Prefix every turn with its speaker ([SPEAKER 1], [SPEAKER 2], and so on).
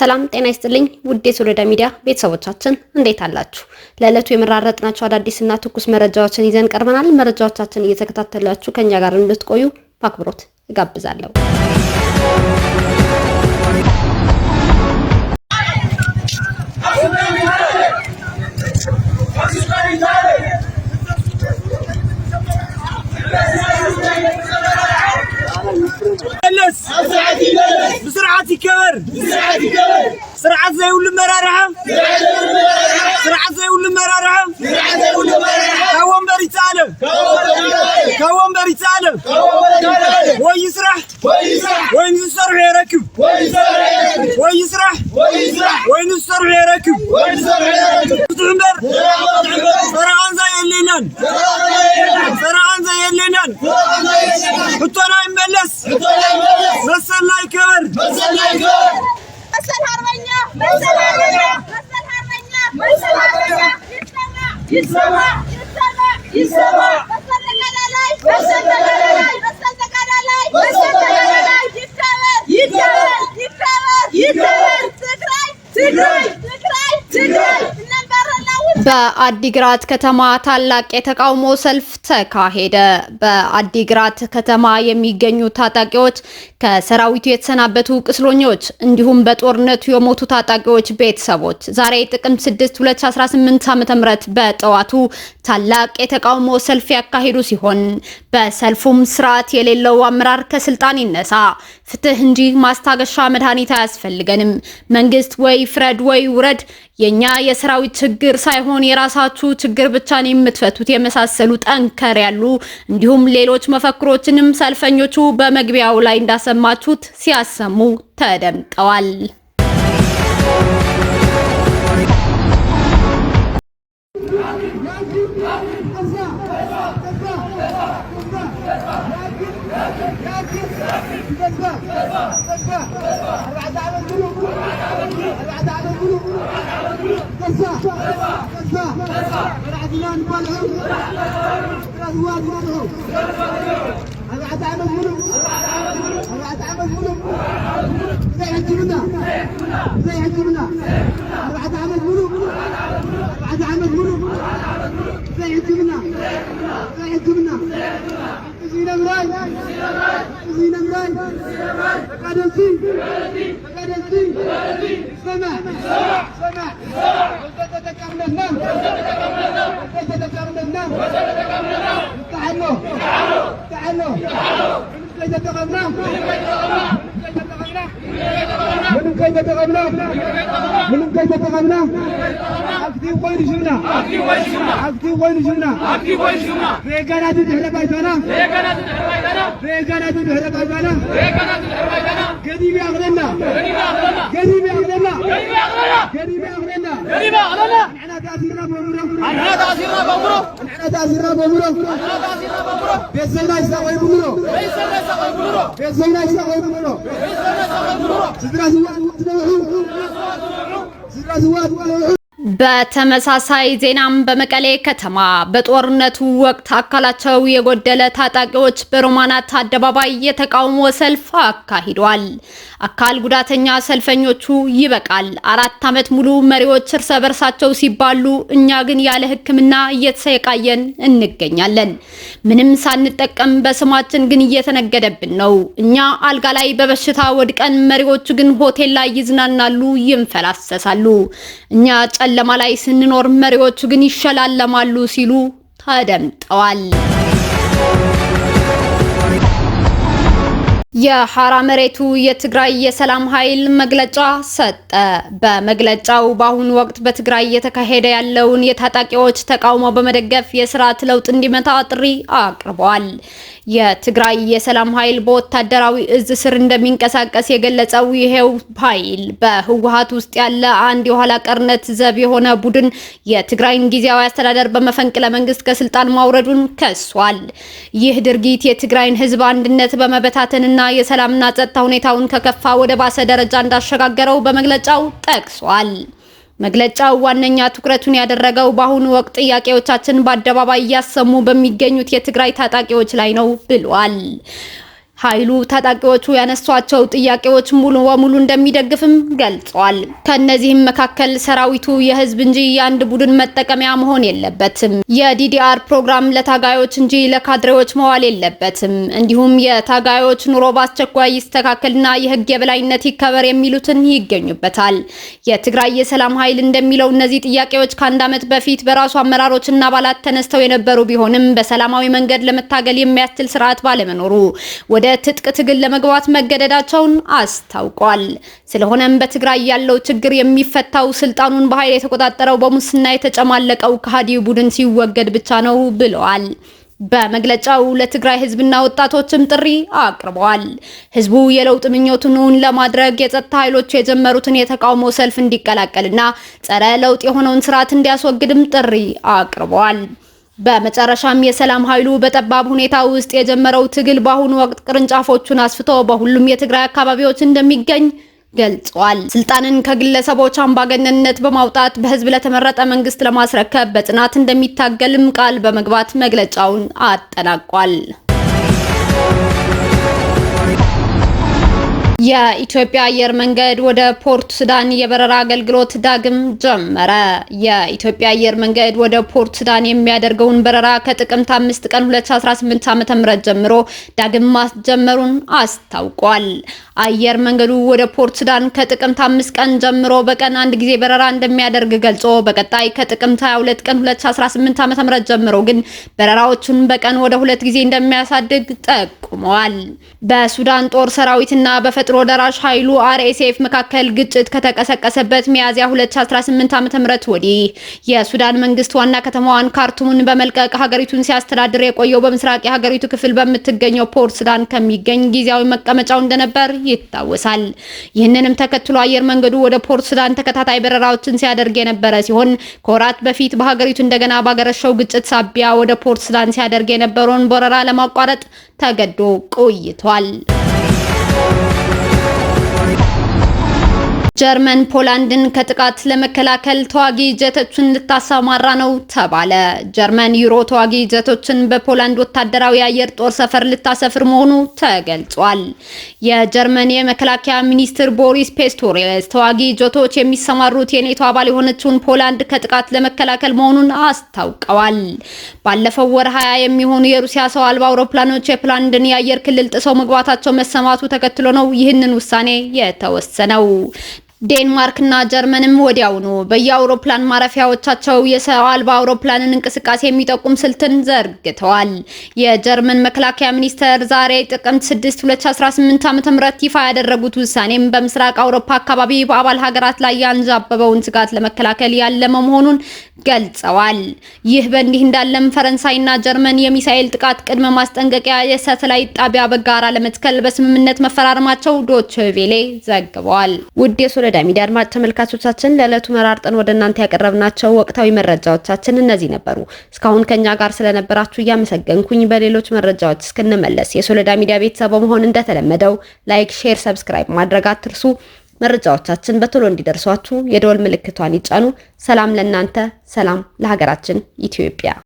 [SPEAKER 1] ሰላም ጤና ይስጥልኝ ውዴ የሶሎዳ ሚዲያ ቤተሰቦቻችን እንዴት አላችሁ? ለዕለቱ የመራረጥናቸው አዳዲስና ትኩስ መረጃዎችን ይዘን ቀርበናል። መረጃዎቻችን እየተከታተላችሁ ከኛ ጋር እንድትቆዩ በአክብሮት እጋብዛለሁ።
[SPEAKER 2] سرعتي كبر
[SPEAKER 3] سرعتي كبر
[SPEAKER 2] سرعت زي ولا مرارها سرعت زي ولا مرارها
[SPEAKER 3] سرعت زي ولا مرارها
[SPEAKER 2] هو مبري تعلم هو مبري تعلم وين يسرح
[SPEAKER 3] وين يسرح
[SPEAKER 2] وين يسرح يركب
[SPEAKER 3] وين يسرح وين يسرح
[SPEAKER 2] وين يسرح يركب
[SPEAKER 3] وين يسرح عمر
[SPEAKER 2] سرعان زي وين سرعان زي الليلان
[SPEAKER 3] حطوا لا
[SPEAKER 2] وين حطوا لا يملس بس الله وين
[SPEAKER 3] بس Tonight!
[SPEAKER 1] በአዲግራት ከተማ ታላቅ የተቃውሞ ሰልፍ ተካሄደ። በአዲግራት ከተማ የሚገኙ ታጣቂዎች ከሰራዊቱ የተሰናበቱ ቅስሎኞች እንዲሁም በጦርነቱ የሞቱ ታጣቂዎች ቤተሰቦች ዛሬ ጥቅምት 6 2018 ም በጠዋቱ ታላቅ የተቃውሞ ሰልፍ ያካሄዱ ሲሆን በሰልፉም ስርዓት የሌለው አመራር ከስልጣን ይነሳ፣ ፍትህ እንጂ ማስታገሻ መድኃኒት አያስፈልገንም፣ መንግስት ወይ ፍረድ ወይ ውረድ የኛ የሰራዊት ችግር ሳይሆን የራሳችሁ ችግር ብቻን የምትፈቱት የመሳሰሉ ጠንከር ያሉ እንዲሁም ሌሎች መፈክሮችንም ሰልፈኞቹ በመግቢያው ላይ እንዳሰማችሁት ሲያሰሙ ተደምጠዋል። كسا كسا العدلان بالعود الأهوال والعود أتعامل منهم الله أتعامل منهم لا يحجبنا لا يحجبنا الله أتعامل منهم الله أتعامل منهم لا يحجبنا لا يحجبنا زينا مراي زينا مراي قدسي قدسي سمع سمع سمع وزادتك أمنا وزادتك أمنا وزادتك أمنا تعنوا تعنوا من كيد تغنى من كيد تغنى من كيد تغنى عفتي وين جبنا عفتي وين جبنا عفتي وين جبنا ريقانا تدعي لبيتنا ريقانا تدعي لبيتنا ريقانا تدعي لبيتنا ريقانا تدعي ገዲቢ አቅለና ገዲቢ አቅለና ገዲቢ አቅለና ገዲቢ አቅለና ንዕና ተአሲራ በሙሮ ንዕና ተአሲራ በሙሮ ንዕና ተአሲራ በሙሮ ንዕና ተአሲራ በሙሮ ቤዘና ይሳቆይ በሙሮ ቤዘና ይሳቆይ በሙሮ ቤዘና ይሳቆይ በሙሮ ቤዘና ይሳቆይ በሙሮ ስድራ ዝዋ ትነውሑ ስድራ ዝዋ ትነውሑ በተመሳሳይ ዜናም በመቀሌ ከተማ በጦርነቱ ወቅት አካላቸው የጎደለ ታጣቂዎች በሮማናት አደባባይ የተቃውሞ ሰልፍ አካሂዷል። አካል ጉዳተኛ ሰልፈኞቹ ይበቃል፣ አራት ዓመት ሙሉ መሪዎች እርስ በርሳቸው ሲባሉ፣ እኛ ግን ያለ ሕክምና እየተሰቃየን እንገኛለን። ምንም ሳንጠቀም በስማችን ግን እየተነገደብን ነው። እኛ አልጋ ላይ በበሽታ ወድቀን፣ መሪዎቹ ግን ሆቴል ላይ ይዝናናሉ፣ ይንፈላሰሳሉ። እኛ ጨላ ጨለማ ላይ ስንኖር መሪዎቹ ግን ይሸላለማሉ ሲሉ ተደምጠዋል። የሐራ መሬቱ የትግራይ የሰላም ኃይል መግለጫ ሰጠ። በመግለጫው በአሁኑ ወቅት በትግራይ እየተካሄደ ያለውን የታጣቂዎች ተቃውሞ በመደገፍ የስርዓት ለውጥ እንዲመታ ጥሪ አቅርበዋል። የትግራይ የሰላም ኃይል በወታደራዊ እዝ ስር እንደሚንቀሳቀስ የገለጸው ይሄው ኃይል በህወሓት ውስጥ ያለ አንድ የኋላ ቀርነት ዘብ የሆነ ቡድን የትግራይን ጊዜያዊ አስተዳደር በመፈንቅለ መንግስት ከስልጣን ማውረዱን ከሷል። ይህ ድርጊት የትግራይን ህዝብ አንድነት በመበታተንና መንግስትና የሰላምና ጸጥታ ሁኔታውን ከከፋ ወደ ባሰ ደረጃ እንዳሸጋገረው በመግለጫው ጠቅሷል። መግለጫው ዋነኛ ትኩረቱን ያደረገው በአሁኑ ወቅት ጥያቄዎቻችን በአደባባይ እያሰሙ በሚገኙት የትግራይ ታጣቂዎች ላይ ነው ብሏል። ኃይሉ ታጣቂዎቹ ያነሷቸው ጥያቄዎች ሙሉ በሙሉ እንደሚደግፍም ገልጿል። ከነዚህም መካከል ሰራዊቱ የህዝብ እንጂ የአንድ ቡድን መጠቀሚያ መሆን የለበትም፣ የዲዲአር ፕሮግራም ለታጋዮች እንጂ ለካድሬዎች መዋል የለበትም፣ እንዲሁም የታጋዮች ኑሮ በአስቸኳይ ይስተካከልና የህግ የበላይነት ይከበር የሚሉትን ይገኙበታል። የትግራይ የሰላም ኃይል እንደሚለው እነዚህ ጥያቄዎች ከአንድ ዓመት በፊት በራሱ አመራሮችና አባላት ተነስተው የነበሩ ቢሆንም በሰላማዊ መንገድ ለመታገል የሚያስችል ስርዓት ባለመኖሩ ወደ የትጥቅ ትግል ለመግባት መገደዳቸውን አስታውቋል። ስለሆነም በትግራይ ያለው ችግር የሚፈታው ስልጣኑን በኃይል የተቆጣጠረው በሙስና የተጨማለቀው ከሃዲ ቡድን ሲወገድ ብቻ ነው ብለዋል። በመግለጫው ለትግራይ ህዝብና ወጣቶችም ጥሪ አቅርበዋል። ህዝቡ የለውጥ ምኞቱን ለማድረግ የጸጥታ ኃይሎች የጀመሩትን የተቃውሞ ሰልፍ እንዲቀላቀልና ጸረ ለውጥ የሆነውን ስርዓት እንዲያስወግድም ጥሪ አቅርበዋል። በመጨረሻም የሰላም ኃይሉ በጠባብ ሁኔታ ውስጥ የጀመረው ትግል በአሁኑ ወቅት ቅርንጫፎቹን አስፍቶ በሁሉም የትግራይ አካባቢዎች እንደሚገኝ ገልጿል። ስልጣንን ከግለሰቦች አምባገነንነት በማውጣት በህዝብ ለተመረጠ መንግስት ለማስረከብ በጽናት እንደሚታገልም ቃል በመግባት መግለጫውን አጠናቋል። የኢትዮጵያ አየር መንገድ ወደ ፖርት ሱዳን የበረራ አገልግሎት ዳግም ጀመረ። የኢትዮጵያ አየር መንገድ ወደ ፖርት ሱዳን የሚያደርገውን በረራ ከጥቅምት 5 ቀን 2018 ዓ.ም ጀምሮ ዳግም ማስጀመሩን አስታውቋል። አየር መንገዱ ወደ ፖርት ሱዳን ከጥቅምት 5 ቀን ጀምሮ በቀን አንድ ጊዜ በረራ እንደሚያደርግ ገልጾ በቀጣይ ከጥቅምት 22 ቀን 2018 ዓ.ም ጀምሮ ግን በረራዎቹን በቀን ወደ ሁለት ጊዜ እንደሚያሳድግ ጠቁመዋል። በሱዳን ጦር ሰራዊትና በፈ ፈጥኖ ደራሽ ኃይሉ አርኤስኤፍ መካከል ግጭት ከተቀሰቀሰበት ሚያዝያ 2018 ዓ.ም ወዲህ የሱዳን መንግስት ዋና ከተማዋን ካርቱምን በመልቀቅ ሀገሪቱን ሲያስተዳድር የቆየው በምስራቅ የሀገሪቱ ክፍል በምትገኘው ፖርት ሱዳን ከሚገኝ ጊዜያዊ መቀመጫው እንደነበር ይታወሳል። ይህንንም ተከትሎ አየር መንገዱ ወደ ፖርት ሱዳን ተከታታይ በረራዎችን ሲያደርግ የነበረ ሲሆን ከወራት በፊት በሀገሪቱ እንደገና ባገረሸው ግጭት ሳቢያ ወደ ፖርት ሱዳን ሲያደርግ የነበረውን በረራ ለማቋረጥ ተገዶ ቆይቷል። ጀርመን ፖላንድን ከጥቃት ለመከላከል ተዋጊ ጀቶችን ልታሰማራ ነው ተባለ። ጀርመን ዩሮ ተዋጊ ጀቶችን በፖላንድ ወታደራዊ አየር ጦር ሰፈር ልታሰፍር መሆኑ ተገልጿል። የጀርመን የመከላከያ ሚኒስትር ቦሪስ ፔስቶሪስ ተዋጊ ጀቶች የሚሰማሩት የኔቶ አባል የሆነችውን ፖላንድ ከጥቃት ለመከላከል መሆኑን አስታውቀዋል። ባለፈው ወር ሀያ የሚሆኑ የሩሲያ ሰው አልባ አውሮፕላኖች የፖላንድን የአየር ክልል ጥሰው መግባታቸው መሰማቱ ተከትሎ ነው ይህንን ውሳኔ የተወሰነው። ዴንማርክና ጀርመንም ወዲያውኑ በየአውሮፕላን ማረፊያዎቻቸው የሰው አልባ አውሮፕላንን እንቅስቃሴ የሚጠቁም ስልትን ዘርግተዋል። የጀርመን መከላከያ ሚኒስቴር ዛሬ ጥቅምት 6 2018 ዓ.ም ይፋ ያደረጉት ውሳኔም በምስራቅ አውሮፓ አካባቢ በአባል ሀገራት ላይ ያንዣበበውን ስጋት ለመከላከል ያለመ መሆኑን ገልጸዋል። ይህ በእንዲህ እንዳለም ፈረንሳይና ጀርመን የሚሳኤል ጥቃት ቅድመ ማስጠንቀቂያ የሳተላይት ጣቢያ በጋራ ለመትከል በስምምነት መፈራረማቸው ዶቼ ዘግበዋል። ውድ የሎዳ ሚዲያ አድማጭ ተመልካቾቻችን ለዕለቱ መራርጠን ወደ እናንተ ያቀረብናቸው ወቅታዊ መረጃዎቻችን እነዚህ ነበሩ። እስካሁን ከኛ ጋር ስለነበራችሁ እያመሰገንኩኝ በሌሎች መረጃዎች እስክንመለስ የሶለዳ ሚዲያ ቤተሰብ መሆን እንደተለመደው ላይክ፣ ሼር፣ ሰብስክራይብ ማድረግ አትርሱ። መረጃዎቻችን በቶሎ እንዲደርሷችሁ የደወል ምልክቷን ይጫኑ። ሰላም ለእናንተ፣ ሰላም ለሀገራችን ኢትዮጵያ።